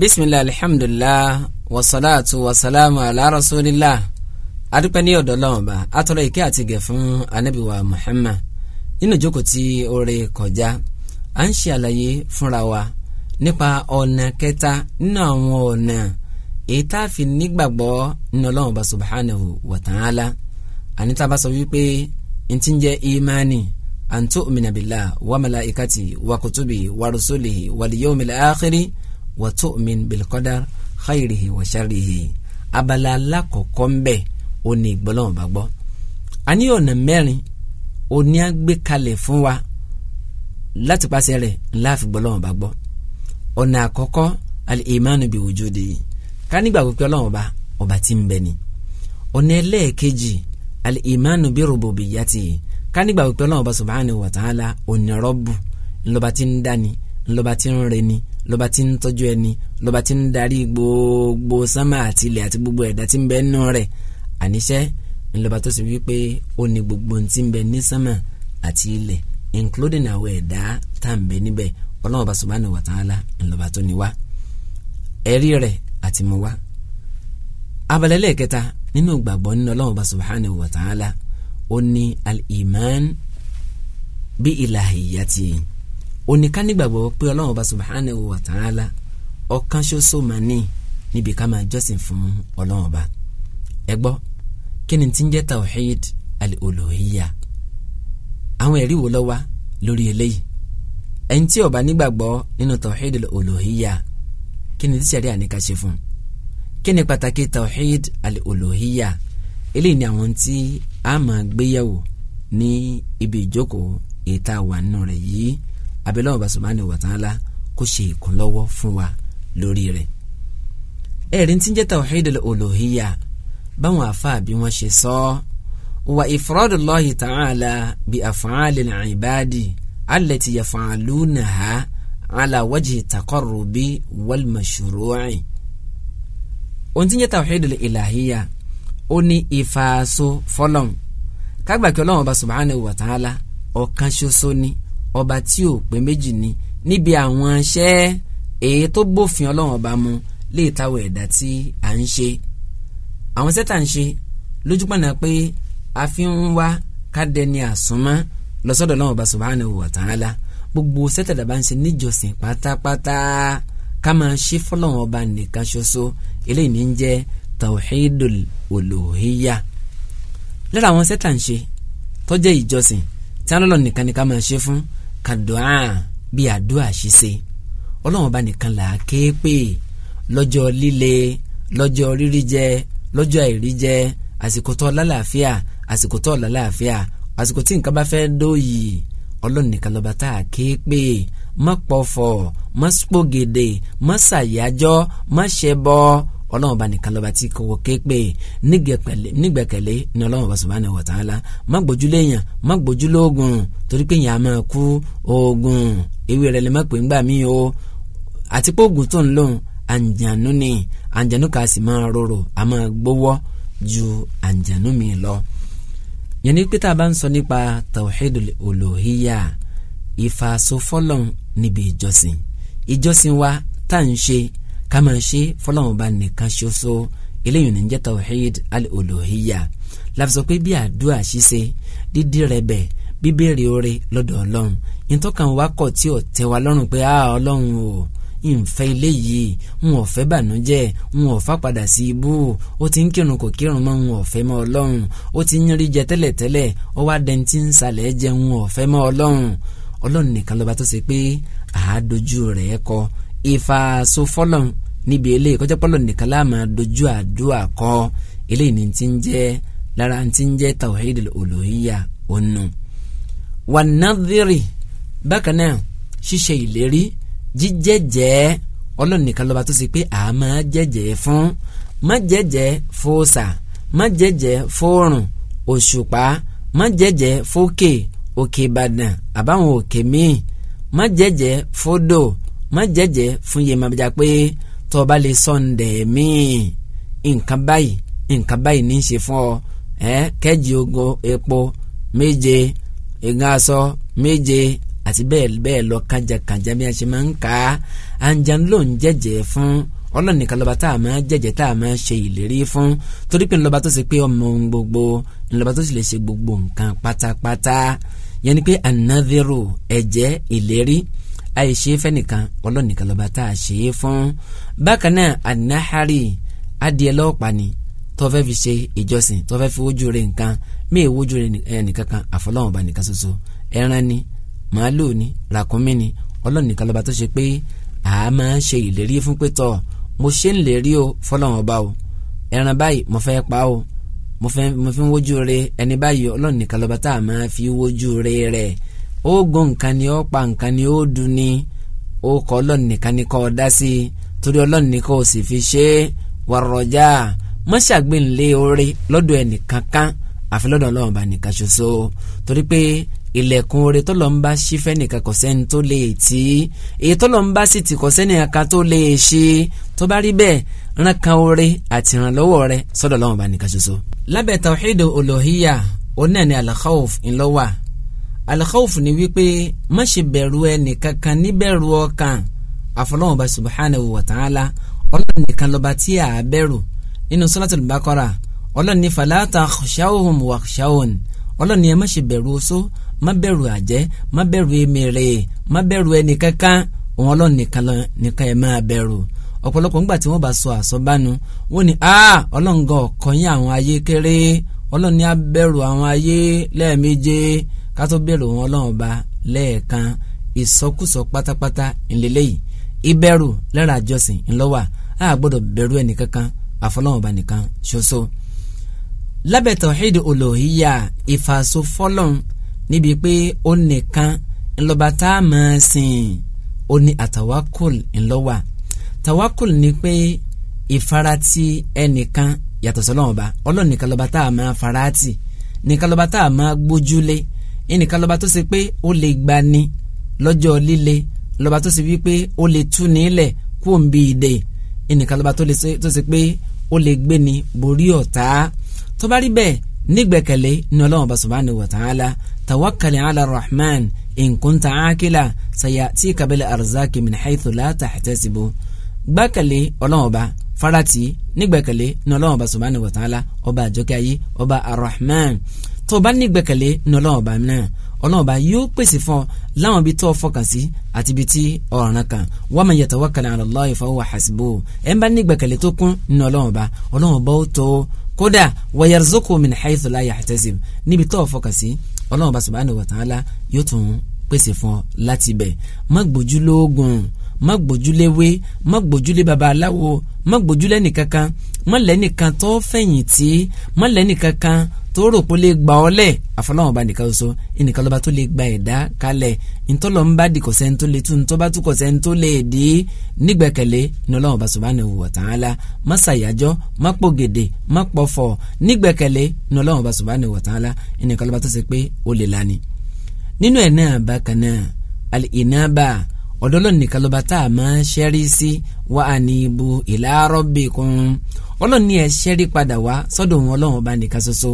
bisimilahi alihamdulilah wasalaatu wasalaamu ala rasulillah adúpẹ́ ní ọ̀dọ̀ Ọlọ́run ba atọrọ ìkẹ́ àti gẹ̀ fún Ànábì wa Muhammad nínú ìjókòó tí oore kọjá à ń ṣe àlàyé fúnra wa nípa ọ̀nà kẹta nínú àwọn ọ̀nà èyí tá a fi nígbàgbọ́ nínú Ọlọ́run ba subhanahu wa ta'ala àníta bá sọ wípé n ti ń jẹ́ imani an tu'mina billah wa malaikati wa kutubi wa rusulihi wa tu'min bil qadar khayrihi wa sharrihi abala alákọ̀ọ́kọ́ ń bẹ̀ ó ní ìgbọ́lọ́wọ́n bá gbọ́ a ní ọ̀nà mẹ́rin ó ní a gbé kalẹ̀ fún wa láti pàṣẹ rẹ̀ ńlá fi gbọ́lọ́wọ́n bá gbọ́ ọ̀nà àkọ́kọ́ al-imanu bi wujudihi ká nígbà pípẹ́ ọlọ́wọ́n bá ọba tí ń bẹ ni ọ̀nà ẹlẹ́ẹ̀kejì al-imanu bi rububiyyatihi ká nígbà pípẹ́ ọlọ́wọ́n bá subhanahu wa ta'ala ònírọ́bù ńlọba tí ń dání lọ́ba tí ń rẹ ni lọ́ba tí ń tọ́jú ẹni lọ́ba tí ń darí gbogbo sánmà àti ilẹ̀ àti gbogbo ẹ̀dá tí ń bẹ nínú rẹ̀ àníṣẹ́ ńlọba tó sì wípé ó ní gbogbo tí ń bẹ ní sánmà àti ilẹ̀ including àwọn ẹ̀dá tá à ń bẹ níbẹ̀ ọlọ́wọ́ba subhanahu wa ta'ala ńlọba tó ní wá ẹ̀rí rẹ̀ àti mú wá. abalẹ̀ lẹ́ẹ̀kẹta nínú ìgbàgbọ́ nínú ọlọ́wọ́ba subhanahu wa ta'ala ó ní al-iman bí ìlàhìyà ti yìí oníkan nígbàgbọ́ pé ọlọ́run ọba subhanahu wa ta'ala ọ̀kan ṣoṣo mà ní níbi ká máa jọ́sìn fún ọlọ́run ọba ẹ gbọ́ kí ni ti ń jẹ́ tawhid al-uluhiyya àwọn ẹ̀rí wo ló wà lórí eléyìí ẹni tí ó bá nígbàgbọ́ nínú tawhid al-uluhiyya kí ni tíṣẹ̀rí àníkà ṣe fún kí ni pàtàkì tawhid al-uluhiyya eléyìí ni àwọn tí a máa gbéyàwó ní ibi ìjókòó èyí wà nínú rẹ̀ yìí abẹ́lẹ́wọ̀n bá sọ̀mánì wàtánlá kó ṣe ìkúnlọ́wọ́ fún wa lórí rẹ̀. ẹ̀rín tí ń jẹ́ tawhidul uluhiyya báwọn àfáà bí wọ́n ṣe sọ ọ́ wà ifradullahi ta'ala bi af'alil ibadi allati yaf'alunaha ala wajhi taqarrubi wal mashru'i. ohun tí ń jẹ́ tawhidul ilahiyya ó ní ìfàsó fọlọ́n kágbàkí ọlọ́run ọba subhanahu wa ọ̀kan ṣoṣo ni ọba tí ò pé méjì ni níbi àwọn iṣẹ́ èyí tó bófin ọlọ́run ọba mu lè tawọ̀ ẹ̀dá tí à ń ṣe àwọn sẹ́tà ń ṣe lójúpọ̀nà pé a fi ń wá ká dẹni àsúnmọ́ lọ́sọ̀dọ̀ ọlọ́run ọba subhanahu wa ta'ala gbogbo sẹ́tà dàbá ń ṣe níjọsìn pátápátá ká máa ṣe fọlọ́run ọba nìkan ṣoṣo eléyìí ní ń jẹ́ tawhidul uluhiyya lára àwọn sẹ́tà ń ṣe tó ìjọsìn tí alọ́lọ́ nìkan ni ká máa ṣe fún kàdùá bí àdúrà ṣíṣe ọlọ́run ọba nìkan là á ké pè lọ́jọ́ líle lọ́jọ́ rírí jẹ lọ́jọ́ àìrí jẹ àsìkò tó lálàáfíà àsìkò tó lálàáfíà àsìkò tí nǹkan bá fẹ́ dóyì ọlọ́run nìkan lọ́ba tá a ké pè má pọ̀fọ̀ má spògèdè má ṣàyájọ́ má ṣẹbọ ọlọ́run bá nìkan lọ́ba tí kò képe nígbẹ̀kẹ̀lé ni ọlọ́run bá subhanahu wa ta'ala má gbójúlé yàn má gbójúlé oògùn torí pé yàn á máa kú oògùn ewé rẹ̀ lè má pè ńgbà míì o àti pé oògùn tó ń lòun àǹjànú ni àǹjànú kà sì máa rorò á máa gbówọ́ ju àǹjànú mi lọ. yẹn ni pé tá a bá ń sọ nípa tawhidul uluhiyya ìfàsófọ́lọ̀ níbi ìjọsìn ìjọsìn wa tá à ń ṣe Kama máa ṣe fọlọ́run bá nìkan ṣoṣo eléyìí ní jẹ́ tawhid al-uluhiyya láti sọ pé bí àdúrà ṣíṣe dídí rẹ̀ bẹ̀ bíbéèrè oore lọ́dọ̀ ọlọ́run ìtọ́kàn wa kọ̀ tí ò tẹ́ wa lọ́rùn pé ah ọlọ́run o ìfẹ́ ilé yìí ń ọ̀fẹ́ bànújẹ́ ń ọ̀fà padà sí ibú ó ti ń kírun kò kírun mọ́ ń ọ̀fẹ́ mọ́ ọlọ́run ó ti ń rí jẹ tẹ́lẹ̀tẹ́lẹ̀ ó wá dẹni tí ń salẹ̀ jẹ ń ọ̀fẹ́ mọ́ ọlọ́run ọlọ́run nìkan lọ́ba tó ṣe pé àádojú rẹ̀ kọ́ ìfàṣọ fọlọ́n níbi eléyìí kọjá pọ́lọ́ nìkan láàmà dojú àdúrà kọ́ eléyìí ní ti ń jẹ́ lára ti ń jẹ́ tawhid olóyìyà ònù. wànádìrì bákan náà ṣíṣe ìlérí jíjẹ́jẹ́ ọlọ́run nìkan lọ́ba tó ṣe pé a máa jẹ́jẹ́ fún má jẹ́jẹ́ fòòṣà má jẹ́jẹ́ fòòrùn òṣùpá má jẹ́jẹ́ fòkè òkè ìbàdàn àbáwọn òkè míì má jẹ́jẹ́ fòdò má jẹ́jẹ́ fún Yemọja pé tó bá lè sọ̀ǹdẹ̀ míì nǹkan báyìí nǹkan báyìí ní í ṣe fún ọ ẹ kẹ́jì ogun epo méje ìgbà aṣọ méje àti bẹ́ẹ̀ bẹ́ẹ̀ lọ kájàkájà bí a ṣe máa ń kà á àǹjàn ló ń jẹ́jẹ́ fún ọlọ́ọ̀nì kan lọ́ba tá a máa jẹ́jẹ́ tá a máa ṣe ìlérí fún torí pé ńlọba tó ṣe pé ọmọ ohun gbogbo ńlọba tó sì lè ṣe gbogbo nǹkan pátápátá yẹn ni pé anadiru ẹ̀jẹ̀ ìlérí àìṣe fẹ́nìkan ọlọ́nìkan lọ́ba tá a ṣe é fún. bákan náà ànáhárì adìẹ lọ́ọ̀pá ni tó fẹ́ fi ṣe ìjọsìn tó fẹ́ fi wojú rẹ̀ nǹkan míì wojú rẹ̀ nìkan kan àfọlọ́wọn ọba nìkan ṣoṣo ẹran ni màálù ni ràkúnmí ni ọlọ́nìkan lọ́ba tó ṣe pé a máa ń ṣe ìlérí fún pé tọ́ mo ṣe ń lérí o fọlọ́wọn ọba o ẹran báyìí mo fẹ́ pa o mo fi ń wojú rẹ̀ ẹni báyìí ọlọ́nìkan lọ́ba tá a máa fi wojú rẹ̀ rẹ̀ ó gun nǹkan ni ó pa nǹkan ni ó dun ni ó kọ ọlọ́run nìkan ni kọ́ ọ dá sí i torí ọlọ́run ni kò sì fi ṣe é wàrọ̀jà má ṣàgbéǹlé oore lọ́dọ̀ ẹnìkan kan àfi lọ́dọ̀ ọlọ́run bá nìkan ṣoṣo torí pé ilẹ̀kùn oore tọ́lọ́ ń bá ṣí fẹ́nìkan sẹ́ni tó lè tì èyí tọ́lọ́ sì tì kò sẹ́ni kan tó lè ṣe tó bá rí bẹ́ẹ̀ ràn kan àti ìrànlọ́wọ́ rẹ sọ́dọ̀ ọlọ́run bá nìkan ṣoṣo. lábẹ́ tawhidu olóhíyà onáà ní ńlọ́wà alikawufu ni wípé má ṣe bẹ̀rù ẹnì kankan níbẹ̀rù ọkàn àfọlọ́wọ́n bá subhanahu wa ta'ala ọlọ́run nìkan lọ́ba tí a bẹ̀rù nínú suratul Baqara ọlọ́run ní fala takhshawhum wakhshawun ọlọ́run ní ẹ má ṣe bẹ̀rù oṣó má bẹ̀rù àjẹ́ má bẹ̀rù emèrè má bẹ̀rù ẹnì kankan òun ọlọ́run nìkan lọ nìkan ẹ máa bẹ̀rù ọ̀pọ̀lọpọ̀ ńgbà tí wọ́n bá sọ àsọbánu ọlọ́run ní abẹ́rù àwọn ayé lẹ́ẹ̀méje ká tó bẹ̀rù wọn ọlọ́run ọba lẹ́ẹ̀kan ìsọkúsọ pátápátá ńlẹ́lẹ́yìí ìbẹ̀rù lára àjọsìn ńlọ́wà á gbọ́dọ̀ bẹ̀rù ẹnìkankan àfọlọ́run ọba nìkan ṣoṣo. lábẹ́ tawhid olóhìyà ìfàsófọ́lọ́n níbi pé ó nìkan ńlọba tá a máa sìn ó ní àtàwákùl ńlọ́wà tàwákùl ni pé ìfaratì ẹnìkan yàtọ̀ sọ́lọ́run ọba ọlọ́run nìkan lọ́ba tá a máa farati nìkan lọ́ba tá a máa gbójúlé nìkan lọ́ba tó ṣe pé ó lè gbani lọ́jọ́ líle lọ́ba tó ṣe wípé ó lè tú nílẹ̀ kó ń bi ìdè nìkan lọ́ba tó ṣe pé ó lè gbé ni borí ọ̀tá tó bá rí bẹ́ẹ̀ nígbẹ̀kẹ̀lé ní ọlọ́run ọba subhanahu wa ta'ala tawakkali ala rahman in kunta akila sayati kabila arzaki min haythu la tahtasibu gbákẹ̀lé farati nígbẹ́kẹ̀lé ní Ọlọ́run bá subhanahu wa ta'ala ọba àjọkẹ́ ayé ọba arahman tó o bá nígbẹ́kẹ̀lé ní Ọlọ́run bá náà ọlọ́ọ̀ba yóò pèsè fún ọ láwọn ibi tó o fọkàn sí àti ibi tí ọ̀ràn kan wa man yatawakkal ala Allahi fa huwa hasbuh ẹ̀ ń bá nígbẹ̀kẹ̀lé tó kún nínú ọlọ́ọ̀ba ọlọ́ọ̀ba ó tó kódà wa yarzuqhu min haythu la yahtasib níbi tó o fọkàn sí ọlọ́ọ̀ba subhanahu wa ta'ala yóò tún pèsè fún ọ láti bẹ̀ má lóògùn má gbójúlé wé má gbójúlé babaláwo má gbójúlé nìkankan má lẹ́nìkan tó fẹ̀yìntì má lẹ́nìkankan tó rò pé lè gbà ọ́ lẹ̀ àfọlọ́wọn bá nìkan so ẹnìkan lọ́ba tó lè gba ẹ̀dá kalẹ̀ ntọ́lọ́ ń bá di kọ̀sẹ́ ntó lè tu ntọ́ba tó kọ̀sẹ́ ntó lè di nígbẹ̀kẹ̀lé nọlọ́wọ́n bá subhanahu wa ta'ala má ṣàyájọ́ má pò gèdè má pọ̀fọ̀ nígbẹ̀kẹ̀lé nọlọ́wọ́n bá subhanahu wa ta'ala ẹnìkan lọ́ba tó ṣe pé ó lè lani. nínú ẹ̀ náà bákan náà al-inaba ọ̀dọ̀ Ọlọ́run nìkan lọ́ba tá a máa ṣẹ́rí sí wa anibu ila rabbikum Ọlọ́run ní ẹ ṣẹ́rí padà wá sọ́dọ̀ òun Ọlọ́run ọba nìkan ṣoṣo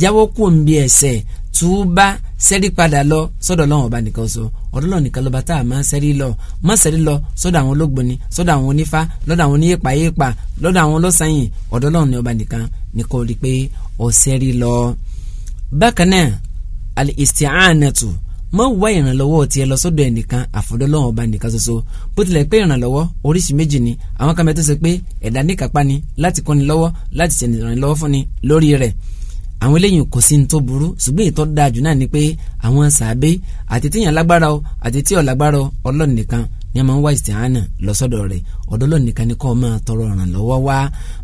jáwọ́ kù ń bí ẹ̀ṣẹ̀ túbá ṣẹ́rí padà lọ sọ́dọ̀ Ọlọ́run ọba nìkan ṣoṣo ọ̀dọ̀ Ọlọ́run nìkan lọ́ba tá a máa ṣẹ́rí lọ má ṣẹ́rí lọ sọ́dọ̀ àwọn ológbòni sọ́dọ̀ àwọn onífá lọ́dọ̀ àwọn oníyèpàyèpà lọ́dọ̀ àwọn ọlọ́sàyìn ọ̀dọ̀ Ọlọ́run má wá ìrànlọ́wọ́ tiẹ̀ lọ sọ́dọ̀ ẹnìkan àfọ̀dọ́lọ́wọ́ ọba nìkan ṣoṣo bó tilẹ̀ pé ìrànlọ́wọ́ oríṣi méjì ni àwọn kan bẹ tó ṣe pé ẹ̀dá níkàpá ni láti kọ́ni lọ́wọ́ láti ṣe ìrànlọ́wọ́ fúnni lórí rẹ̀ àwọn eléyìí kò sí ní tó burú ṣùgbọ́n ìtọ́ dáa jù náà ni pé àwọn sàábé àti tíyàn lágbára o àti tí ò lágbára o Ọlọ́run nìkan ni a máa ń wá ìsìtìhánà lọ sọ́dọ̀ rẹ̀ ọ̀dọ̀ nìkan ni kó máa tọrọ ìrànlọ́wọ́ wá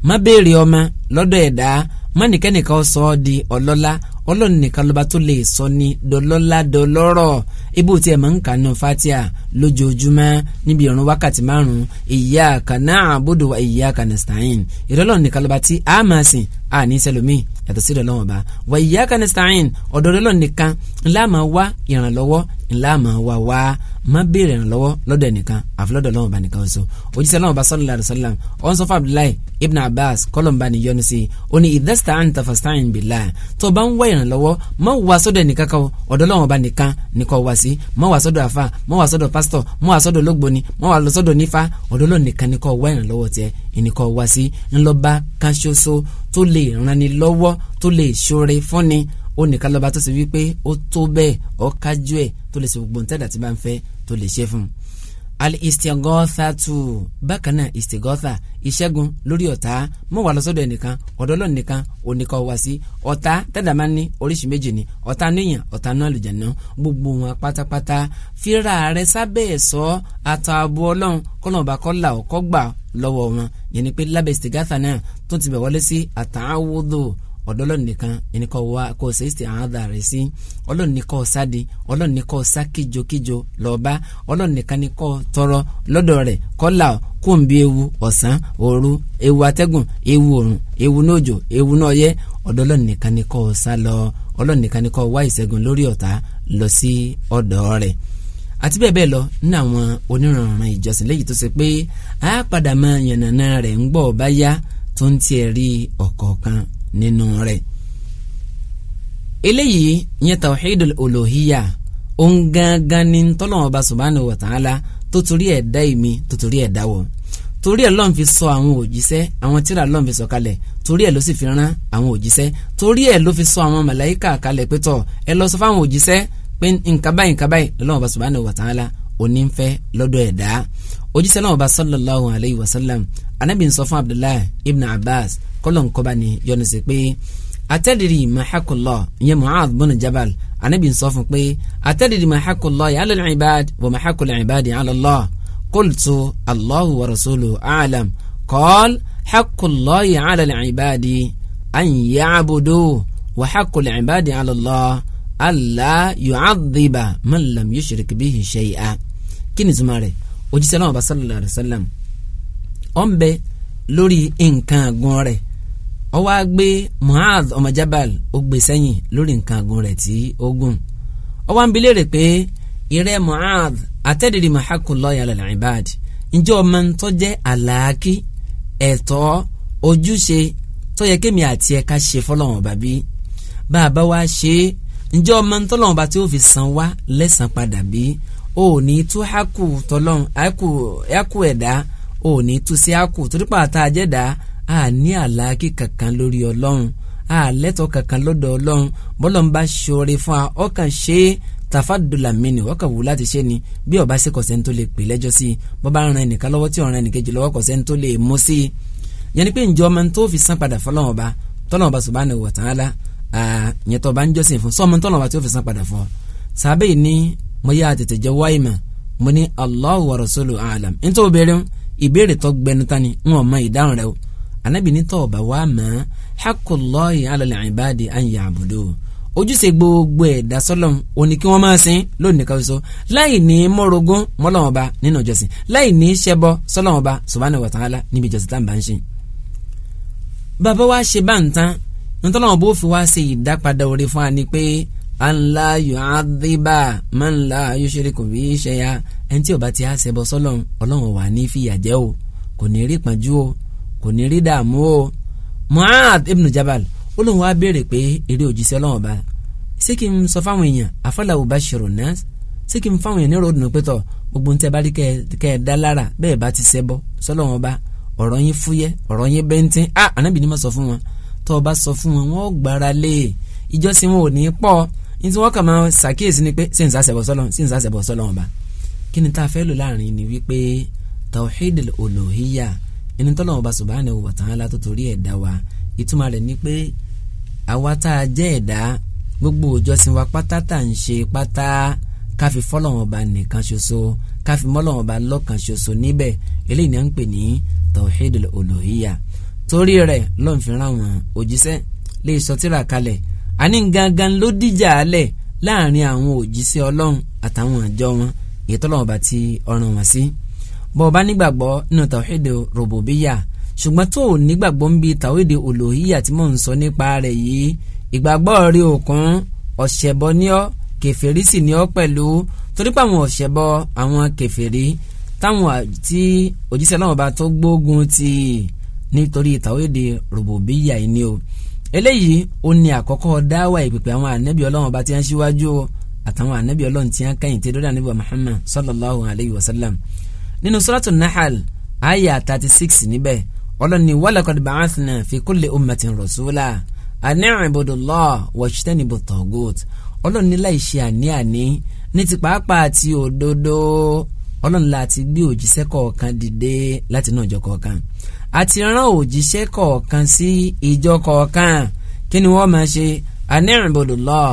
má béèrè ọmọ lọ́dọ̀ ẹ̀dá má nìkẹ́nìkan sọ ọ́ di ọlọ́lá ọlọ́run nìkan ló bá tó lè sọ ni dọlọ́lá dọlọ́rọ̀ ibú tí ẹ máa ń kà nù fatia lójoojúmọ́ níbi ìrun wákàtí márùn-ún iyyaka na'budu wa iyyaka nasta'in ìrọ̀lọ́run nìkan ló bá tí a máa sìn a ní sẹlómi yàtọ̀ sí ìdọ̀lọ́wọ̀n ba wa iyyaka nasta'in ọ̀dọ̀dọ̀lọ́ nìkan ńlá máa wá ìrànlọ́wọ́ ńlá máa wá wá má béèrè ìrànlọ́wọ́ lọ́dọ̀ nìkan àfọlọ́dọ̀ lọ́wọ́ ba nìkan so òjíṣẹ́ lọ́wọ́ ba sallallahu alaihi wasallam ọ̀n abdullahi ibn abbas kọ́lọ̀mbà ni yọ́nu sí ó ní idha sta'anta fasta'in billah tó o bá ń wá ìrànlọ́wọ́ má wá sọ́dọ̀ nìkan kan ọ̀dọ̀ lọ́wọ́ ba nìkan ni kó wá sí má wá sọ́dọ̀ àfà má wá sọ́dọ̀ pásítọ̀ má wá sọ́dọ̀ ẹnìkan wá sí ńlọ́ba kan ṣoṣo tó lè ranni lọ́wọ́ tó lè ṣoore fúnni ó nìkan lọ́ba tó ṣe wípé ó tó bẹ́ẹ̀ ó kájú ẹ̀ tó lè ṣe gbogbo ntẹ́dà tí bá ń fẹ́ tó lè ṣe fún un al-istighatha tù bákan náà istighatha ìṣẹ́gun lórí ọ̀tá mọ̀ wà lọ́sọ̀dọ̀ ẹnìkan ọ̀dọ̀ Ọlọ́run nìkan oníkà wá sí ọ̀tá tẹ́lẹ̀ máa ń ní oríṣi méjì ni ọ̀tá níyàn ọ̀tá náà àlùjànnà gbogbo wọn pátápátá fíra rẹ sábẹ́ ẹ̀sọ́ àtààbò Ọlọ́run kọ́nà ọba kọ́là ọ̀kọ́ gbà lọ́wọ́ wọn yẹn pé lábẹ́ istighatha náà tó ti bẹ̀ wọlé sí àtàwọ́dọ̀ ọ̀dọ̀ ọlọ́run nìkan ẹni kọ́ wá kó o ṣe rẹ̀ sí ọlọ́run ní kọ́ ọlọ́run tọrọ lọ́dọ̀ rẹ̀ kọ́là kó ewu ọ̀sán òru ewu atẹ́gùn ewu òrùn ewu n'ojo ewu nọ́ọ̀yẹ́ ọlọ́run nìkan lọ ọlọ́run nìkan lọ sí ọ̀dọ̀ rẹ̀ àti bẹ́ẹ̀ lọ ní àwọn onírànràn ìjọsìn léyìí tó a máa yànnàná rẹ̀ ń gbọ́ bá yá nínú rẹ̀ eléyìí yẹn tawhidul uluhiyya òun gangan ni tọ́lọ́wọ́n bá subhanahu wa ta'ala tó torí ẹ̀ dá èmi tó torí ẹ̀ dá wọ torí ẹ̀ lọ́n fi sọ àwọn òjíṣẹ́ àwọn tíra lọ́n fi sọ kalẹ̀ torí ẹ̀ ló sì fi rán àwọn òjíṣẹ́ torí ẹ̀ ló fi sọ àwọn màláyíkà kalẹ̀ pé ẹ lọ sọ fáwọn òjíṣẹ́ pé nǹkan báyìí bá subhanahu wa ta'ala onífẹ́ lọ́dọ̀ ẹ̀dá òjíṣẹ́ náà ọba sallallahu alayhi wa sallam anabi ń sọ fún abdullahi ibn abbas kọ́lọ̀ nkọ́ba ni yọ́nù sí pé atẹ́dìrì mahakulọ̀ ìyẹn mu'adh bọ́nà jabal anabi ń sọ fún pé atẹ́dìrì mahakulọ̀ yà alal ibad wà mahakulọ̀ ibad yà alallah qultu allahu wa rasuluhu a'lam qal hakulọ̀ yà alal ibad an ya'budu wà hakulọ̀ ibad yà alallah alla yu'adhiba man lam yushrik bihi shay'a kí ni zuma rẹ̀ òjíṣẹ́ náà bá sallallahu alaihi wasallam ó ń bẹ lórí nǹkan àgùn rẹ̀ ó wá gbé Mu'adh ọmọ Jabal ó gbé sẹ́yìn lórí nǹkan àgùn rẹ̀ tí ó gùn ó wá ń bi léèrè pé ìrẹ́ Mu'adh atadiri mahaqullahi ala al-ibad ǹjẹ́ o mọ̀ tó jẹ́ àlàákí ẹ̀tọ́ ojúṣe tó kémi àti ẹ̀ka ṣe fọlọ́wọ́n bàbí bá a bá wá ṣe ǹjẹ́ o mọ̀ tó lọ́wọ́n bá tí ó fi san wá lẹ́san padà bíi o ò ní tú hákù tọlọ́run hákù ẹ̀dá o ò ní tú sí hákù torí pàtà àjẹ́dá a ní àlàákì kankan lórí ọlọ́run a lẹ́tọ̀ọ́ kankan lọ́dọ̀ ọlọ́run bọ́lọ̀ ń bá ṣoore fún a ọkàn ṣe é tàfàdùlà mẹ́ni wọ́n kàn wù láti ṣe ni bí ọba ṣe kọ̀ṣẹ́ ń tó lè pè lẹ́jọ́ sí i bọ́ bá ran ẹnìkan lọ́wọ́ tí ọ̀ràn ẹnìkejì lọ́wọ́ kọ̀ṣẹ́ ń tó lè mú sí i yẹn ni pé ǹjọ́ ọmọ tó fi san padà fọlọ́wọ́n ọba tọ́lọ́wọ́n ọba subhanahu wa ta'ala yẹn tó bá ń jọ́sìn fún sọ́ọ́mọ tọ́lọ́wọ́n ọba tó fi san padà fún ọ sàbẹ́ mo yá àtètè jẹ wáyé mo ní Allahu wa rasulu alam nítorí obìnrin mu ìbéèrè tó gbẹnu tani ń wọ́n mọ ìdáhùn rẹ o anabi ní tọ́ọ̀bà wá mọ́ hakullahi alal ibadi an ya'budu ojúṣe gbogbo ẹ̀dá sọ́lọ́m òní kí wọ́n máa sìn lónìí kan so láì ní mọ́rogún mọ́lọ́wọ́n ba nínú ìjọsìn láì ní ṣẹbọ sọ́lọ́wọ́n ba subhanahu wa ta'ala níbi ìjọsìn tá à ń bá ń ṣe. bàbá wa ṣe bá ń tán nítorí wọn bó fi wá ṣe ìdápadà oore fún wa ni pé anla yu'adhiba man la yushriku bi shay'a ẹni tí ó bá ti á ṣẹbọ sọ́lọ́run Ọlọ́run wà ní fìyà o kò ní rí pọ́njú o kò ní rí dààmú o Mu'adh ibn Jabal Ọlọ́run wá béèrè pé eré òjíṣẹ́ Ọlọ́run ọba ṣé kí n sọ fáwọn èèyàn afala ubashiru nas ṣé kí n fáwọn èèyàn ní ròdùnú pé tọ gbogbo ní tẹ bá rí kẹ ẹ dá lára bẹ́ẹ̀ bá ti ṣẹbọ sọ́lọ́run ọba ọ̀rọ̀ yín fúyẹ́ ọ̀rọ̀ yín bẹ́ńtín a ah, ànábì ni sọ fún wọn tó o bá sọ fún wọn wọn ò gbára lé e. ìjọsìn wọn ò ní pọ̀ ní tí wọ́n kàn máa ṣàkíyèsí ni pé ṣé n sàṣẹ̀bọ̀ sọ́lọ́n ṣé n sàṣẹ̀bọ̀ sọ́lọ́n ọba kí ni tá a fẹ́ lò láàrin ni wípé tawhidul uluhiyya ẹni tọ́lọ́wọ́n ọba subhanahu wa ta'ala tó torí ẹ̀dá wa ìtumọ̀ rẹ̀ ni pé àwa tá a jẹ́ ẹ̀dá gbogbo òjọsìn wa pátá tá à ń ṣe pátá káfi fọ́lọ́wọ́n ọba nìkan ṣoṣo káfi mọ́lọ́wọ́n ọba lọ́kan ṣoṣo níbẹ̀ eléyìí ni à ń àní gangan ló dìjà alẹ̀ láàrin àwọn òjíṣẹ́ ọlọ́run àtàwọn àjọ wọn èyí tọ́lọ́wọ́n bá ti ọ̀ràn wọn sí bọ́ ọ bá nígbàgbọ́ nínú tàwíìdì rògbòbíyà ṣùgbọ́n tó o nígbàgbọ́ ń bi tàwíìdì olóhíyà tí mò ń sọ nípa rẹ̀ yìí ìgbàgbọ́ rí òkun ọ̀ṣẹ̀bọ ni ọ́ kèfèrí sì ni ọ́ pẹ̀lú torí pé àwọn ọ̀ṣẹ̀bọ àwọn kèfèrí táwọn tí òjíṣẹ́ náà bá tó gbógun ti nítorí tàwíìdì rògbòbíyà yìí ni o eléyìí ó ní àkọ́kọ́ dáwà ìpèpè àwọn ànábì ọlọ́run bá ti ń ṣíwájú àtàwọn ànábì ọlọ́run ti ń kẹ́yìn tí lórí ànábì Muhammad sallallahu alayhi wa sallam nínú suratul Nahl aya thirty six níbẹ̀ ọlọ́run ní walaqad ba'athna fi kulli ummatin rasula ani ibudullah wajtanibu taghut ọlọ́run ní láì ṣe àní-àní ní ti pàápàá ti òdodo ọlọ́run láti gbé òjíṣẹ́ kọ̀ọ̀kan dìde láti náà jọ kọ̀ọ̀kan a ti rán òjíṣẹ́ kọ̀ọ̀kan sí ìjọ kọ̀ọ̀kan kí ni wọ́n máa ṣe anírìnbodòlọ́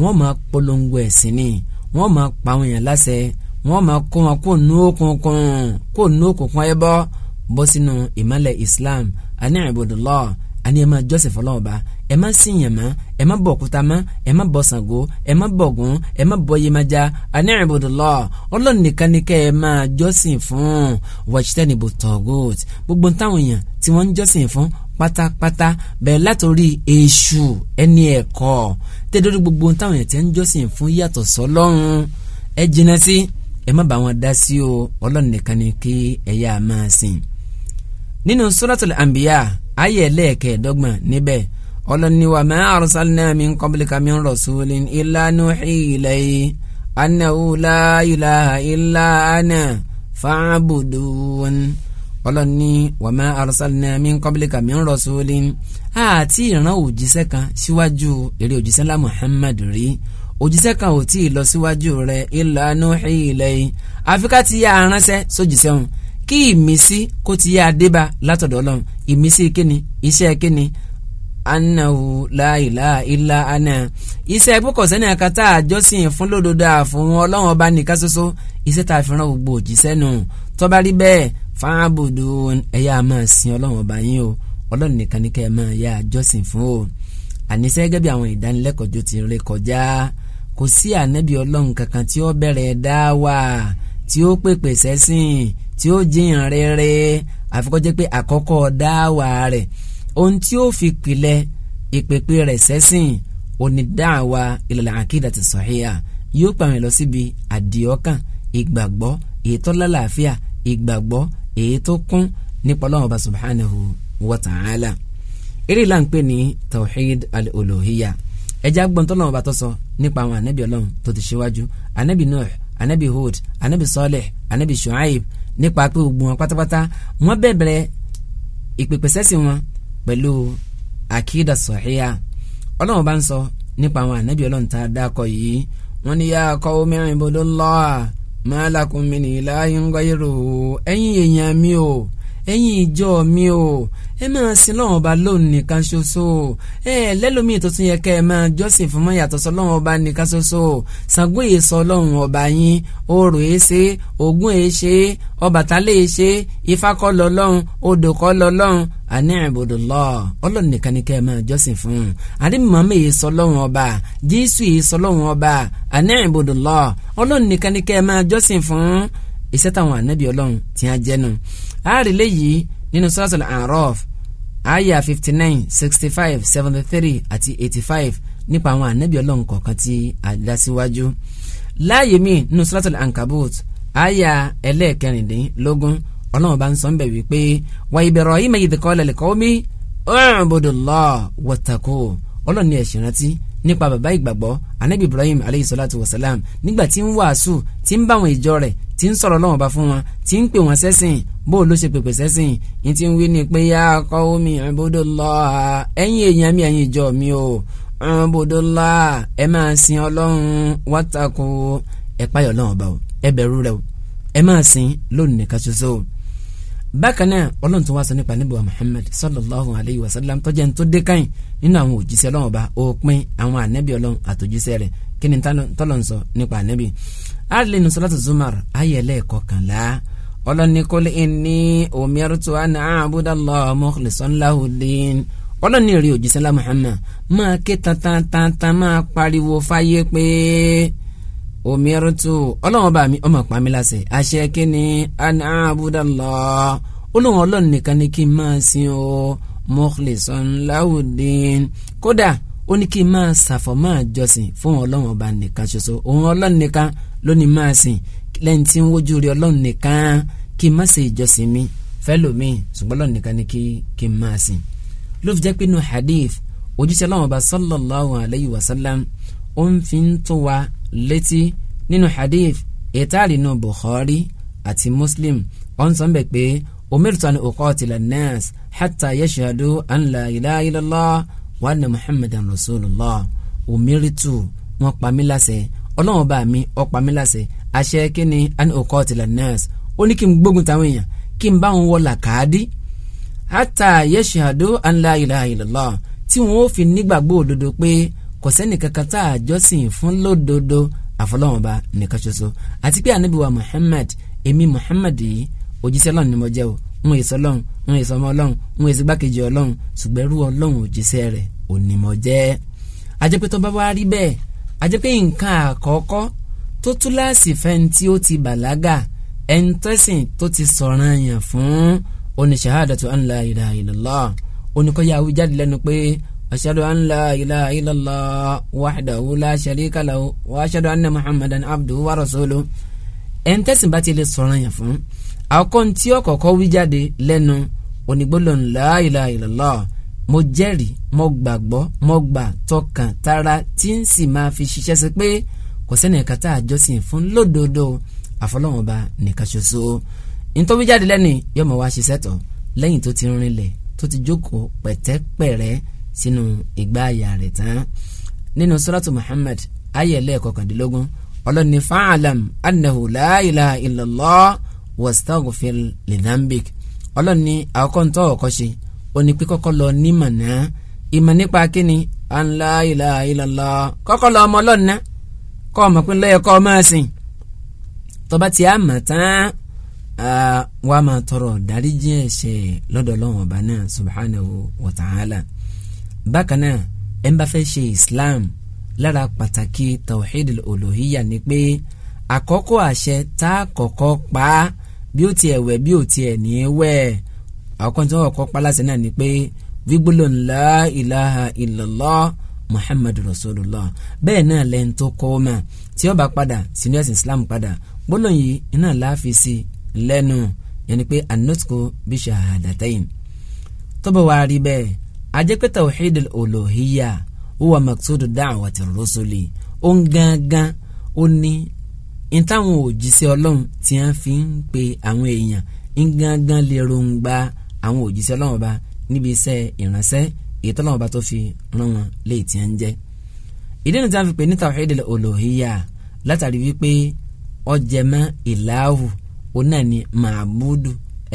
wọ́n máa polongo ẹ̀sìn ni wọ́n máa pa àwọn èèyàn láṣẹ wọ́n máa kó wọn kó nú òkùnkùn kó nú òkùnkùn ẹbọ bọ́ sínú ìmọ̀lẹ̀ Islam anírìnbodòlọ́ àní ẹ máa jọ́sìn fọlọ́wọ́n ba ẹ má sìn yàn má ẹ má bọ òkúta má ẹ má bọ Ṣàngó ẹ má bọ ẹ má bọ Yemọja àní Ọlọ́run nìkan ni kẹ́ ẹ máa jọ́sìn fún wàchítẹ́ni bò tọ́gọ́t gbogbo táwọn èèyàn tí wọ́n ń jọ́sìn fún pátápátá bẹ̀rẹ̀ látòrí èṣù ẹni ẹ̀kọ́ tẹ́lórí gbogbo táwọn èèyàn ti ń jọ́sìn fún yàtọ̀ sọ́lọ́run ẹ jìnnà sí ẹ má bá dá sí o Ọlọ́run nìkan ni kí ẹ yá máa sìn nínú Suratul Anbiya ayé ẹlẹ́ẹ̀kẹ́ẹ̀dọ́gbọ̀n níbẹ̀ ọlọ́niwà ma arsalna min qablika min rasulin illa nuhi ilayhi annahu la ilaha illa ana fa'budun ọlọ́ni wa ma arsalna min qablika min rasulin àti ìran òjíṣẹ́ kan síwájú eré òjíṣẹ́ la Muhammad rí òjíṣẹ́ kan ò tí ì lọ síwájú rẹ̀ illa nuhi ilayhi àfikà ti yá aránṣẹ́ sójíṣẹ́ wọn kí ìmísí kó ti yá adébá látọ̀dọ̀ ọlọ́run ìmísí kíni iṣẹ́ kíni anahu láìlá ilá ana iṣẹ́ púpọ̀ sẹ́ni akátá àjọsìn fún lódodo àfọ̀hún ọlọ́run ọba nìkan ṣoṣo iṣẹ́ tá a fi rán gbogbo òjíṣẹ́ nù tó bá rí bẹ́ẹ̀ fáábùdù ẹ̀yà máa sin ọlọ́run ọba yín o ọlọ́run nìkan ní kẹ́ ẹ máa yá àjọsìn fún o àníṣe gẹ́gẹ́ bí àwọn ìdánilẹ́kọ̀ọ́jọ́ ti ré kọjá kò sí ànábì ọlọ́run kankan tí ó bẹ̀rẹ̀ dáwà tí ó pèpè sẹ́sìn tí ó jiyàn rere àfikọ́jẹ́ pé àkọ́kọ́ dáwà rẹ̀ ohun tí ó fi pilẹ̀ ìpèpè rẹ̀ sẹ́sìn onídàáwa ìlànà àkídà ti sọ̀híà yóò pààyàn lọ síbi àdìọ́kàn ìgbàgbọ́ èyí tó lálàáfíà ìgbàgbọ́ èyí tó kún nípa Ọlọ́hun Ọba subhanahu wa ta'ala eré ìlànà pè ní tawhid al-uluhiyya ẹjẹ́ agbọ́ntọ́ Ọba tó sọ nípa àwọn ànábì Ọlọ́hun tó ti ṣíwájú ànábì Nuh anabi hud anabi saleh anabi shuaib nípa pé gbogbo wọn pátápátá wọn bẹ̀rẹ̀ ìpèpèsẹ́sì wọn pẹ̀lú akida sọ̀híà ọlọ́run bá ń sọ nípa àwọn anabi ọlọ́run tá a dákọ̀ yìí wọ́n ní yá qawmi ibudullaha ma lakum min ilahin ghayruhu ẹ̀yin èèyàn mi o ẹ̀yin ìjọ mi o ẹ máa sin lọ́wọ́n ọba lóun nìkan ṣoṣo ẹ lẹ́lómi ìtọ́tún yẹ kẹ́ ẹ máa jọ́sìn fún mọ́ yàtọ̀ sọ lọ́wọ́n ọba nìkan ṣoṣo Ṣàngó yìí sọ lọ́wọ́n ọba yín orò ẹ ṣe Ògún ẹ ṣe Ọbàtálá ẹ lọ lọ́hùn odò kọ́ lọ lọ́hùn àní àbòdò lọ Ọlọ́run nìkan ni kẹ́ ẹ máa jọ́sìn fún un àní mọ́mọ́ yìí sọ lọ́wọ́n ọba Jésù yìí sọ lọ́wọ́n ọba àní àbòdò lọ Ọlọ́run nìkan ni kẹ́ ẹ máa jọ́sìn fún iṣẹ́ táwọn ànábì ọlọ́run ti á jẹ́ nù. ààrẹ léyìí nínú suratul A'raf àyà fifty nine sixty five seventy three àti eighty five nípa àwọn ànábì ọlọ́run kọ̀ọ̀kan tí a dá láàyè mi nínú suratul Ankabut àyà ẹlẹ́ẹ̀kẹrìndínlógún ọlọ́run bá ń sọ ń bẹ̀ wípé wà Ibrahima idh qala liqawmi u'budu Allah wattaqu ọlọ́run ni ẹ̀sìn rántí nípa bàbá ìgbàgbọ́ anabi ibrahim aleyhi salatu wa salam nígbà tí ń wàásù tí ń bá àwọn ìjọ rẹ̀ tí ń sọ̀rọ̀ lọ́wọ́ bá fún wọn tí ń pè wọ́n sẹ́sìn bó ló ṣe pèpè sẹ́sìn ní ti ń wí ni pé yá qaumi ibudullah ẹ̀yin èèyàn mi ẹ̀yin ìjọ mi o ibudullah ẹ máa sin ọlọ́run wattaqu ẹ páyọ̀ lọ́wọ́ bá o ẹ bẹ̀rù rẹ̀ o ẹ máa sin lónìí nìkan bákan náà ọlọ́run tó wá sọ nípa níbi wa Muhammad sallallahu alayhi wa sallam tọ́jà ń tó dé káyìn nínú àwọn òjíṣẹ́ ọlọ́run ọba òpin àwọn ànẹ́bí ọlọ́run àtòjíṣẹ́ rẹ̀ kí ni tọ́lọ̀ ń sọ nípa ànẹ́bí. arlene sọlátù zumar ayẹlẹ kọkànlá ọlọ́ni qul inni umirtu an a'budallaha mukhlisan lahuddin ọlọ́ni rí òjíṣẹ́ lá Muhammad máa ké tantan tantan máa pariwo fáyé pé umirtu ọlọ́run bá mi ọmọ pàmí láṣẹ àṣẹ kínní an abudallah olóhùn ọlọ́run nìkan ni kí n máa sin o mukhlisan lahud-din kódà ó ní kí n máa ṣàfọ̀ máa jọ́sìn fún ọlọ́run ọba nìkan ṣoṣo òun ọlọ́run nìkan ló ní máa sìn lẹ́yìn tí ń wojú rí ọlọ́run nìkan kí n má ṣe ìjọ́sìn mi fẹ́lòmí ṣùgbọ́n ọlọ́run nìkan ni kí n máa sìn ló fi jẹ́ pé hadith òjíṣẹ́ ọlọ́run ọba sallallahu alayhi wa sallam ó ń fi ń tó wa létí nínú hadith ìtaàrí nù Bukhari àti Muslim ó ń sọ ń bẹ̀ pé umirtu an uqatila an-nas hatta yashhadu an la ilaha illallah wa anna muhammadan rasulullah umirtu wọ́n pa ọlọ́wọ́n bá mi ó pa mí àṣẹ kí ni an uqatila an ó ní kí n gbógun táwọn èèyàn kí n bá wọn wọ làkàádí hatta yashhadu an la tí wọn ó fi nígbàgbọ́ òdodo pé kò sẹ́ni kankan tá a jọ́sìn fún lódodo àfọlọ́wọn ba nìkan ṣoṣo àti pé ànábì wa Muhammad èmi Muhammad yìí òjíṣẹ́ Ọlọ́run ni mo jẹ́ o ń èso Ọlọ́run ń èso ọmọ Ọlọ́run ń èso gbákejì Ọlọ́run ṣùgbọ́n ẹrú Ọlọ́run òjíṣẹ́ rẹ̀ òní mo jẹ́ ajẹ́ pé tó bá wá rí bẹ́ẹ̀ ajẹ́ pé nǹkan àkọ́kọ́ tó túláàsì fẹ́ni tí ó ti bàlágà ẹ̀ńtẹ́sìn tó ti sọ̀ràn yàn fún oníṣàhádàtú أشهد أن لا إله إلا الله وحده لا شريك له وأشهد أن محمدا عبده ورسوله ẹn tẹ́sìn bá ti lè sọ̀rọ̀ yẹn fún akọ́n tí ó kọ́kọ́ wí jáde lẹ́nu onígbólóhùn la ilaha illallah mo jẹ́rìí mo gbàgbọ́ mo gbà tọkàn tara tí ń sì máa fi ṣiṣẹ́ sí pé kò sẹ́ni ẹ̀ka tá a jọ́sìn fún lódodo àfọlọ́wọn ọba ṣoṣo nítorí jáde lẹ́nu yóò máa ṣiṣẹ́ tọ̀ lẹ́yìn tó ti rinlẹ̀ tó ti jókòó pẹ̀tẹ́pẹ̀rẹ́ sínú ìgbà àyà rẹ̀ tán nínú suratu Muhammad ayé ẹlẹ́ẹ̀kọkàndínlógún ọlọ́ni fa'alam annahu la ilaha illallah wastaghfir lidhanbik ọlọ́ni àkọ́kọ́ ntọ́ ọ̀kọ́ ṣe ó ní pé kọ́kọ́ lọ nímọ̀ náà ìmọ̀ nípa kíni an la ilaha illallah kọ́kọ́ lọ ọmọ ọlọ́ni náà kọ́ ọmọ pé lọ́yẹ̀ kọ́ máa sìn tí a mọ̀ tán wàá máa tọrọ dáríjì ẹ̀ṣẹ̀ lọ́dọ̀ Ọlọ́hun Ọba náà subhanahu wa bákan náà ń bá fẹ́ ṣe Islam lára pàtàkì tawhid olóhìyà ni pé àkọ́kọ́ àṣẹ tá a kọ́kọ́ pa á bí ó tiẹ̀ wẹ̀ bí ó tiẹ̀ ní í wẹ̀ ni pé ilaha illallah muhammadu rasulullah bẹ́ẹ̀ náà lẹ́yìn tó kọ́ ọ́ mà tí padà sínú Islam padà gbólóhùn yìí iná láàfin lẹ́nu yẹn ni pé anotko ajẹ́ tawhidul uluhiyya huwa maqsudu da'wati rusuli ó ń gángan ó ní ní táwọn òjíṣẹ́ ọlọ́run tí wọ́n fi ń pe àwọn èèyàn ń gángan lè rongba àwọn òjíṣẹ́ ọlọ́run ọba níbi iṣẹ́ ìránṣẹ́ èyí tọ́lọ́run ọba tó fi rán wọn léè tí wọ́n ń jẹ́ ìdí nìyí tí wọ́n fi pè ní tawhidul uluhiyya látàrí wípé ó ìlàhù ó náà ní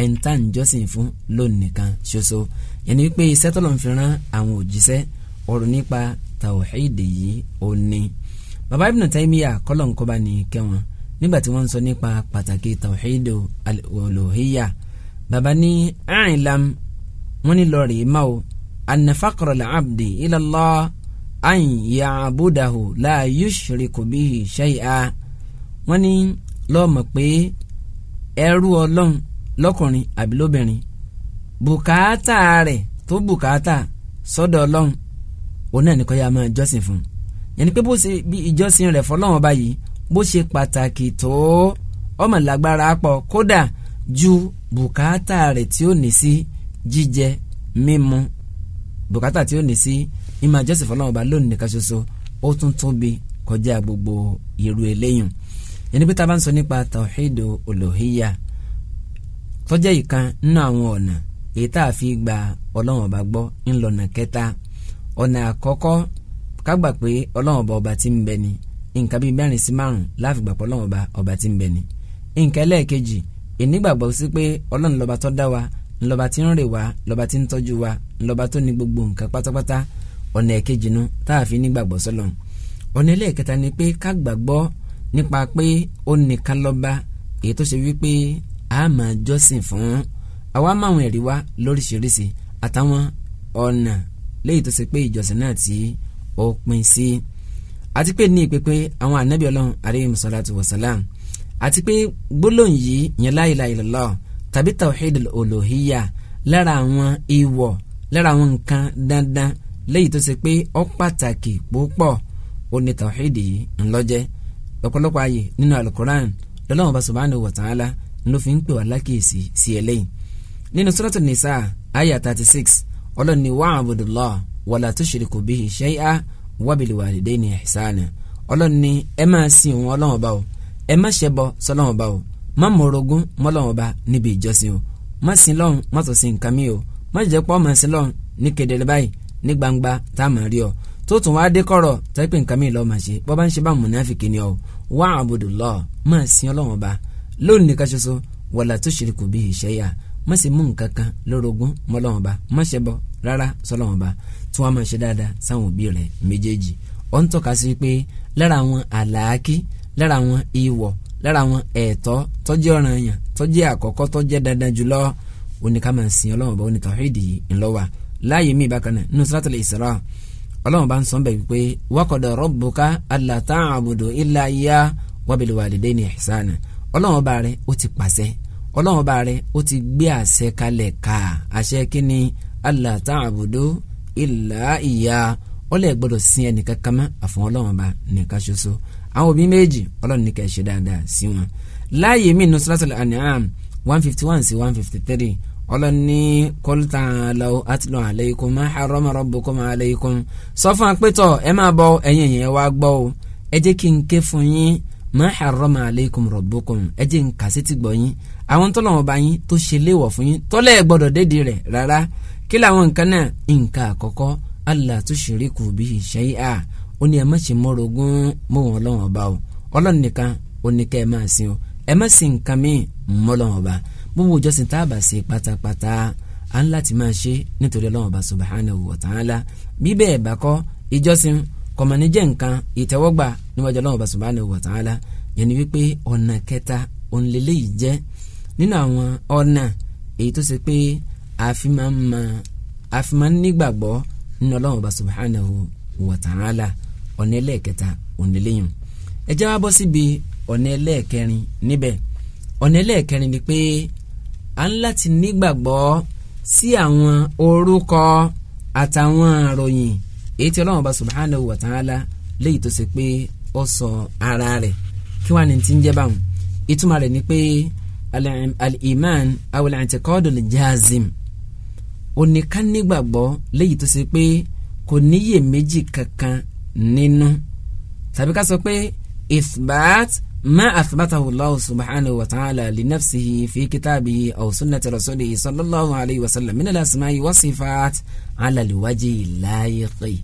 ẹ̀ńtà ń jọ́sìn fún lónìkan ṣoṣo yẹn ni wípé iṣẹ́ tó lọ́n fi rán àwọn òjíṣẹ́ ọ̀rọ̀ nípa tàwọ̀hídì yìí ò ní. bàbá Ibn Taymiyyah kọ́lọ̀ ńkọ́ba ní kẹwọn nígbà tí wọ́n ń sọ nípa pàtàkì tàwọ̀hídì olóhìyà bàbá ní àìlám wọ́n ní lọ́ọ̀rì má o anna faqral abdi ila Allah an ya'budahu la lọ́kùnrin àbí lóbìnrin bùkátà rẹ̀ tó bùkátà sọ́dọ̀ ọlọ́run òun náà ní kó yá máa jọ́sìn fún un yẹn ni pé bó ṣe bí ìjọ́sìn rẹ̀ fọlọ́run ọba bó ṣe pàtàkì tó ọmọ lágbára pọ̀ kódà ju bùkátà rẹ̀ tí ó ní sí jíjẹ mímu bùkátà tí ó ní sí ìmọ̀ jọ́sìn fọlọ́run ọba lónìí nìkan ṣoṣo ó tún tóbi kọjá gbogbo irú eléyìí yẹn ni pé tá a bá ń sọ nípa tawhidu uluhiyya tọ́jẹ́ ìkan nínú àwọn ọ̀nà èyí tá a fi gba ọlọ́run ọba gbọ́ ńlọ́nà kẹta ọ̀nà àkọ́kọ́ ká gbà pé ọlọ́run ọba ọba tí ń bẹ ni nǹkan bíi mẹ́rin sí márùn láàfin gbàpọ̀ ọlọ́run ọba ọba tí ń bẹ ni nǹkan ẹlẹ́ẹ̀kejì ìnígbàgbọ́ sí pé ọlọ́run lọ́ba tó dá wa ńlọ́ba tí ń rè wá lọ́ba tí ń tọ́jú wa ńlọ́ba tó ní gbogbo nǹkan pátápátá a máa jọ́sìn fún àwa máwọn ẹ̀rí wá lóríṣiríṣi àtàwọn ọ̀nà léyìí tó ṣe pé ìjọsìn náà tí ó pín sí àti pé ní ìpè pé àwọn ànábì ọlọ́run alayhi salatu wa salam àti pé gbólóhùn yìí yẹn la ilaha illallah tàbí tawhid al-uluhiyya lára àwọn ìwọ̀ lára àwọn nǹkan dandan léyìí tó ṣe pé ó pàtàkì púpọ̀ ó ní tawhid yìí ńlọ́jẹ́ ọ̀pọ̀lọpọ̀ ààyè nínú alukoran lọ́lọ́run bá subhanahu wa ta'ala ló fi ń pè wá lákèésí sí eléyìí nínú suratu nisa aya thirty six ọlọ́run ní wà abudullah wàlá tushriku bihi shay'a wabil walidayni ihsana ọlọ́run ní ẹ máa sin òun ọlọ́run ọba o ẹ má ṣẹbọ sọ́lọ́run ọba o má mọ̀rọ̀gún mọ́lọ́run ọba níbi ìjọsìn o má sin lọ́run má tún sin nǹkan mi o má jẹ́ pọ́ má sin lọ́run ní kedere báyìí ní gbangba tá a máa rí ọ tó tún wáá dé kọ̀rọ̀ tẹ́pẹ́ nǹkan mi lọ́ọ́ máa ṣe bọ́ bá ń ṣe bá mùnáfíkì ni ọ wá àbùdù lọ máa sin ọlọ́run ọba lónìí nìkan ṣoṣo wàlá tushriku bihi shay'a má ṣe mú nǹkan kan lórogún mọ́lọ́wọ́n ba má ṣe bọ rárá sọ́lọ́wọ́n ba tí wọ́n máa ṣe dáadáa sáwọn òbí rẹ̀ méjèèjì ó ń tọ́ka sí pé lára àwọn àlàákí lára àwọn ìwọ̀ lára àwọn ẹ̀tọ́ tó jẹ́ ọ̀ranyàn tó jẹ́ àkọ́kọ́ tó jẹ́ dandan jùlọ oníkà máa sìn illa iyyahu wa bil walidayni ọlọ́run ọba rẹ ó ti pàṣẹ ọlọ́run ọba rẹ ó ti gbé àṣẹ kalẹ̀ ká àṣẹ kínní Allah ta'abudu illa iya ọlọ́ ẹ̀ gbọ́dọ̀ sin ẹnìkan kan mọ́ àfọ̀n ọlọ́run ọba nìkan ṣoṣo àwọn òbí méjì ọlọ́run ní kẹ́ ṣe dáadáa sí wọn. láàyè mí nù Suratul An'am one fifty one sí one fifty three ọlọ́run ní qul ta'alaw atlu alaykum ma harrama rabbukum alaykum sọ fún apẹ́tọ̀ ẹ máa bọ ẹ̀yìn ẹ̀yìn ẹ wá gbọ́ ẹ jẹ́ kí n ké fún yín ma harrama aleikum rabbukum ẹ jẹ́ n kà sí ti gbọ́ yín àwọn tó lọ́wọ́ bá yín tó ṣe léèwọ̀ fún yín tọ́lẹ̀ gbọ́dọ̀ dédìí rẹ̀ rárá kí làwọn nǹkan náà nǹkan àkọ́kọ́ Allah tushriku bihi shay'a ó ní ẹ má ṣe mọ́rogún mọ́ wọn lọ́wọ́ bá o ọlọ́run nìkan ó ní ká ẹ máa sìn o ẹ má sìn nǹkan míì mọ́ lọ́wọ́ bá gbogbo ìjọsìn tá a bá ṣe pátápátá à ń láti máa ṣe nítorí ọlọ́wọ́ bá subhanahu wa ta'ala ẹ̀ bá kọ́ ìjọsìn kọ̀mọ̀ní jẹ́ nǹkan ìtẹ́wọ́gbà níwájú ọlọ́run ọba subhanahu wa ta'ala yẹn ni wípé ọ̀nà kẹta òǹlẹ̀lẹ̀ yìí jẹ́ nínú àwọn ọ̀nà èyí tó ṣe pé àfimá nígbàgbọ́ nínú ọlọ́run ọba subhanahu wa ta'ala ọ̀nà ẹlẹ́ẹ̀kẹta òǹlẹ̀lẹ̀ yìí ẹ jẹ́ wá bọ́ síbi ọ̀nà ẹlẹ́ẹ̀kẹrin níbẹ̀ ọ̀nà ẹlẹ́ẹ̀kẹrin ni pé a ń láti nígbàgbọ́ sí àwọn orúkọ àtàwọn àròyìn èyí tí ọlọ́run bá subhanahu wa ta'ala léyìí tó ṣe pé ó sọ ara rẹ̀ kí wàá ní ti ń jẹ́ báwọn ìtumọ̀ rẹ̀ ni pé al-iman aw al-i'tiqad al-jazim oníkan nígbàgbọ́ léyìí tó ṣe pé kò níyè méjì kankan nínú tàbí ká sọ pé ithbat ma athbatahu Allahu subhanahu wa ta'ala li nafsihi fi kitabihi aw sunnati rasulihi sallallahu alayhi wa sallam min al-asma'i wa sifat ala al-wajhi al-layiqi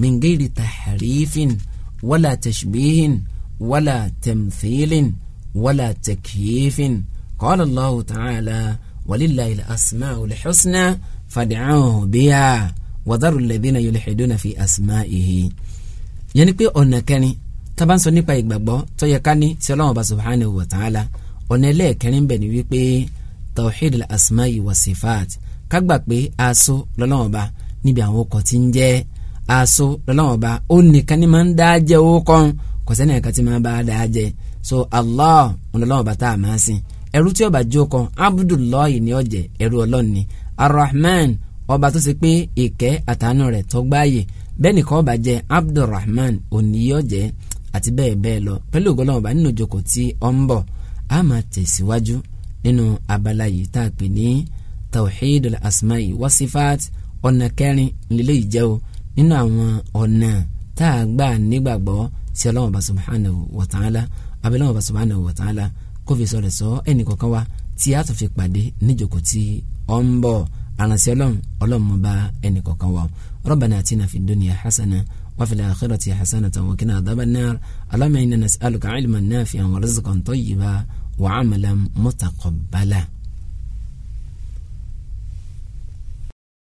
min ghayri tahrifin wala tashbihin wala tamthilin wala takyifin qala Allahu ta'ala walillahi al-asma'u al-husna fad'uhu biha wa dharu alladhina yulhiduna fi asma'ihi yẹni pé ọ̀nà kẹrin tá bá ń sọ nípa ìgbàgbọ́ tó yẹ ká ní sí Ọlọ́run Ọba subhanahu wa ta'ala ọ̀nà ẹlẹ́ẹ̀kẹrin bẹ̀ ni wípé tawhid al-asma'i wa sifat ká gbà pé aṣọ lọ́lọ́run Ọba níbi àwọn ọkọ̀ tí ń jẹ́ aṣọ lọ́lọ́run Ọba ó nìkan ní máa ń dá jẹ́ owó kan kò sẹ́ni ẹ̀ka máa bá a dá jẹ́ so Allah ọlọ́run Ọba tá a máa sìn ẹrú tí ó jó kan Abdullahi ni ó jẹ́ ẹrú Ọlọ́run ni Ar-Rahman ọba tó ṣe pé ìkẹ́ àtàánú rẹ̀ tó gbáàyè bẹ́ẹ̀ nìkan Abdulrahman òní yóò jẹ́ àti bẹ́ẹ̀ bẹ́ẹ̀ lọ pẹ̀lú ògbọ́lọ́wọ́ bá nínú ìjókòó tí ó ń bọ̀ a máa tẹ̀síwájú nínú abala yìí tá a pè ní tawhidul asma'i wa sifat ọ̀nà kẹrin lílé ìjẹ́ o nínú àwọn ọ̀nà tá a gbà nígbàgbọ́ sí Ọlọ́hun bá subhanahu wa ta'ala abẹ́lẹ́wọ̀n bá subhanahu wa ta'ala kó fi sọ̀rọ̀ sọ ẹnì kọ̀ọ̀kan wa tí a tún fi pàdé níjókòó tí ó ń bọ̀ àrànṣẹ́ ọlọ́run ọlọ́run mọba ẹnì kọ̀ọ̀kan wa rabbana atina fid dunya hasana وفي الآخرة حسنة وكنا عذاب النار اللهم إنا نسألك علما نافعا ورزقا طيبا وعملا متقبلا